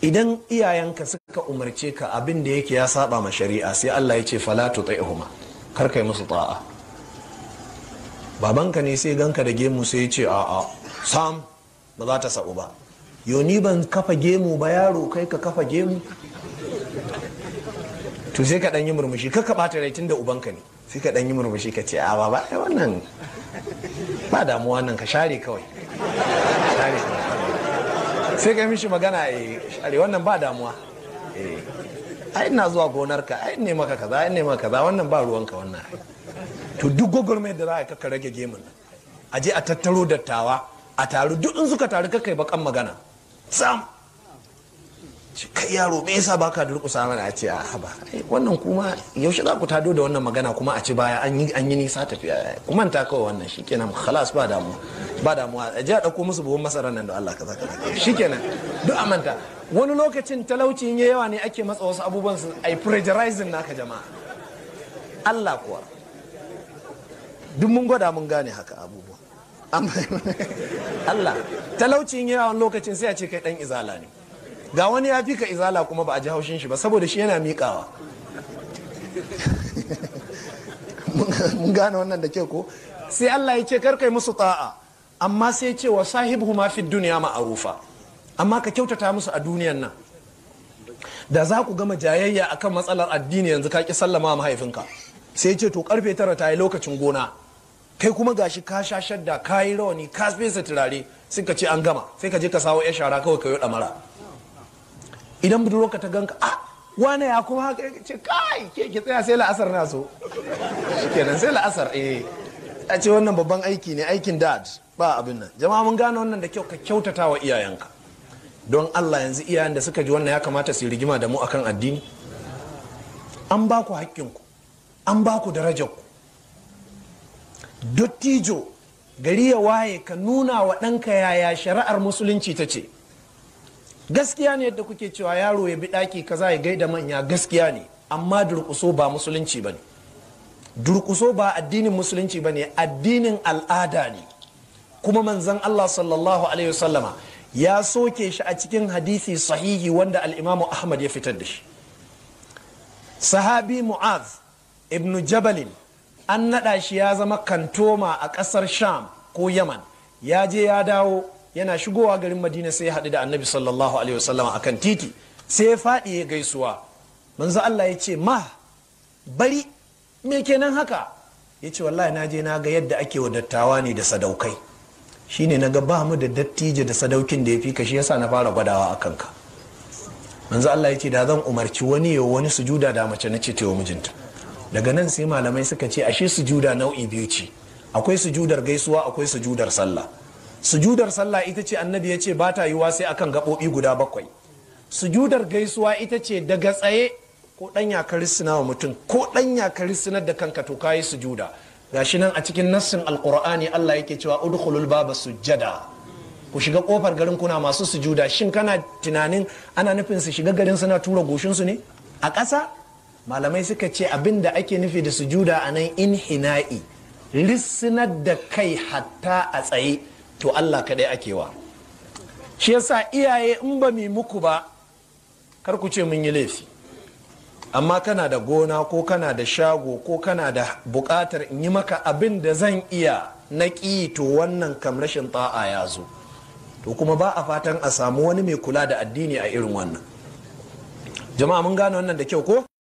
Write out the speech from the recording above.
idan iyayenka suka umarce ka abin da yake ya saba ma shari'a sai Allah ya ce fala tuti'huma kar kai musu ta'a babanka ne sai ganka da gemu sai ya ce a'a sam ba za ta sabu ba yoni ban kafa gemu ba yaro kai ka kafa gemu to sai ka dan yi murmushi ka bata rai da ubanka ne sai ka dan yi murmushi ka ce a baba ba wannan ba damuwa nan ka share kawai share kawai sai ka mishi magana a eh, shari'a. wannan ba damuwa eh, A ina zuwa gonarka ai ne maka kaza a ne maka kaza wannan ba ruwanka wannan to duk gwagwarmayar da za a kaka rage gemun nan a je a tattaro dattawa a taru duk in suka taru kakai bakan magana sam kai yaro me yasa baka rukusa mana a ce a haba wannan kuma yaushe za ku tado da wannan magana kuma a ci baya an yi nisa tafiya ku manta kawai wannan shikenan khalas ba damu ba damuwa a ji a dauko musu buhun masarar nan da Allah kaza kaza shikenan duk a manta wani lokacin talauci in yawa ne ake matsa wasu abubuwan su ai pressurizing naka jama'a Allah kuwa duk mun gwada mun gane haka abubuwa Allah talauci in yawa lokacin sai a ce kai dan izala ne ga wani ya fi ka izala kuma ba a ji haushin shi ba saboda shi yana miƙawa mun gane wannan da ke ko sai Allah ya ce karkai musu ta'a amma sai ce wa sahibu ma fi duniya ma'arufa amma ka kyautata musu a duniyan nan da za ku gama jayayya akan matsalar addini yanzu ka ki sallama mahaifinka sai ce to karfe tara ta yi lokacin gona kai kuma gashi ka sha shadda ka yi rawani ka fesa turare sai ka ce an gama sai ka je ka sawo ya shara kawai ka yi mara idan budurwarka ta ganka a ah, wane ya kuma haka ya ce kai ke ki tsaya sai la'asar na so kenan sai la'asar eh a ce wannan babban aiki ne aikin dad ba abin nan jama'a mun gane wannan da kyau ka kyautata wa iyayenka don Allah yanzu iyayen da suka ji wannan ya kamata su rigima da mu akan addini an ba ku haƙƙinku an ba ku darajarku dottijo gari ya waye ka nuna wa ɗanka yaya shari'ar musulunci ta ce gaskiya ne yadda kuke cewa yaro ya bi ɗaki kaza ya gaida manya gaskiya ne amma durƙuso ba musulunci ba ne durƙuso ba addinin musulunci ba ne addinin al'ada ne kuma manzan Allah sallallahu alaihi wasallama ya soke shi a cikin hadisi sahihi wanda al'imamu Ahmad ya fitar da shi sahabi mu'az ibn jabalin an naɗa shi ya zama kantoma a ƙasar sham ko yaman ya je ya dawo yana shigowa garin madina sai ya haɗu da annabi sallallahu alaihi wasallam akan titi sai ya faɗi ya gaisuwa manzo Allah ya ce ma bari me kenan haka ya ce wallahi na je na ga yadda ake wa dattawa ne da sadaukai shine na ga ba mu da dattijo da sadaukin da ya fi ka shi yasa na fara gwadawa a kanka manzo Allah ya ce da zan umarci wani ya wani sujuda da mace na ce ta mijinta daga nan sai malamai suka ce ashe sujuda nau'i biyu ce akwai sujudar gaisuwa akwai sujudar sallah sujudar sallah ita ce annabi ya ce ba ta yiwa sai akan gaɓoɓi guda bakwai sujudar gaisuwa ita ce daga tsaye ko ɗanya ka rissina wa mutum ko ɗanya ka rissinar da kanka to kayi sujuda gashi nan a cikin nassin Alkur'ani Allah yake cewa udkhulul baba sujjada ku shiga kofar garin kuna masu sujuda shin kana tunanin ana nufin su shiga garin suna tura goshin su ne a ƙasa malamai suka ce abin da ake nufi da sujuda a nan hinai risinar da kai hatta a tsaye to Allah kaɗai ake wa shi yasa iyaye in ba mi muku ba kar ku ce mun yi laifi amma kana da gona ko kana da shago ko kana da buƙatar in yi maka abin da zan iya na ƙi to wannan kam rashin ta'a ya zo to kuma ba a fatan a samu wani mai kula da addini a irin wannan jama'a mun gane wannan da kyau ko